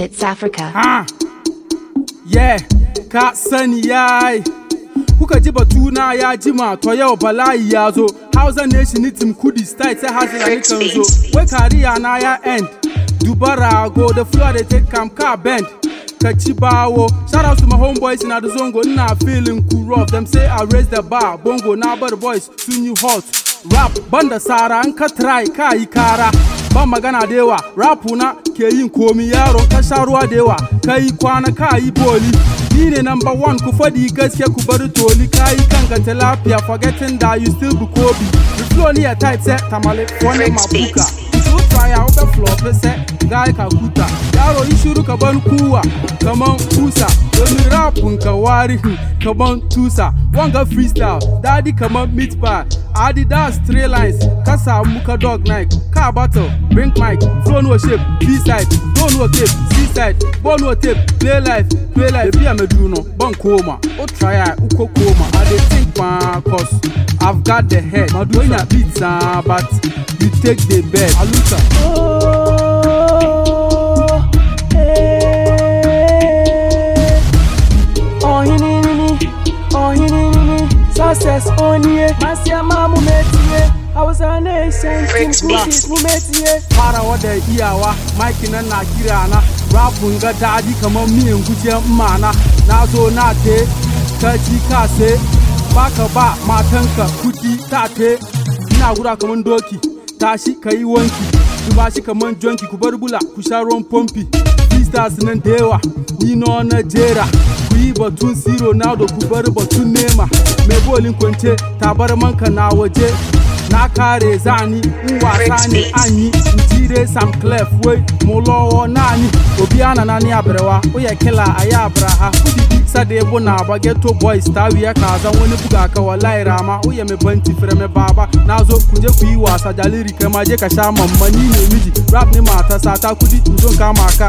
Tits Africa. Ah. Yeah, ka sani yayi. Kuka ji batuna ya jima to yau bala'i ya zo. Hausa Nation Team Kudi style sai har sai kan zo. Wai kariya na ya end. Dubara go the floor they take kam ka bend. ka ci bawo shout out to my homeboys na the zongo ina feeling cool rough them say I raise the bar bongo na bar boys sun yi hot rap banda sara an ka try ka yi kara ban magana da yawa rapu na ke yin komi yaron ka sha ruwa da yawa kai kwana ka yi boli ni ne number one ku faɗi gaske ku bar toli ka yi kan ta lafiya forgetting that you still be kobi eh, the flow ni ya type set eh, tamale wani mabuka su tsaya wata flop set guy ka kuta yaro yi shiru ka ban kuwa kaman kusa Come on, tusa One wanga freestyle Daddy come kaman meat bar adidas three lines Casa muka dog nike Car battle Bring mic flow no shape b side Don't no tape c side ball no tape play life play life ebi amedu no bon coma. o oh, try i uko koma i dey think paa cos i've got the head maduonya beat ah but you take the bed alusa. process oniye masiyama mu metiye hausa nation kin kusis mu ye Para da iyawa maki nan na kira na rapun ga daɗi kamar miyan gujen mana na zo na te ka ci baka ba matanka kuti ta te ina gura kamar doki tashi ka wanki ku ba shi kamar jonki ruwan stars nan da yawa ni no na jera ku yi batun si ronaldo ku bar batun nema mai bolin kwance manka na waje na kare zani in wasa ne anyi ntire sam clef wei mo lọwọ naanị obi a na naanị abịrawa ụyọ kila ayi abịra ha udidi sade bụ na ba geto boys ta wuya ka zan wani buga akawa laira ama ụyọ mebe banti fere me baba na ku kuje ku yi wasa jaliri kama je ka sha mamma ni ne miji rap ne mata sata kudi zo ka maka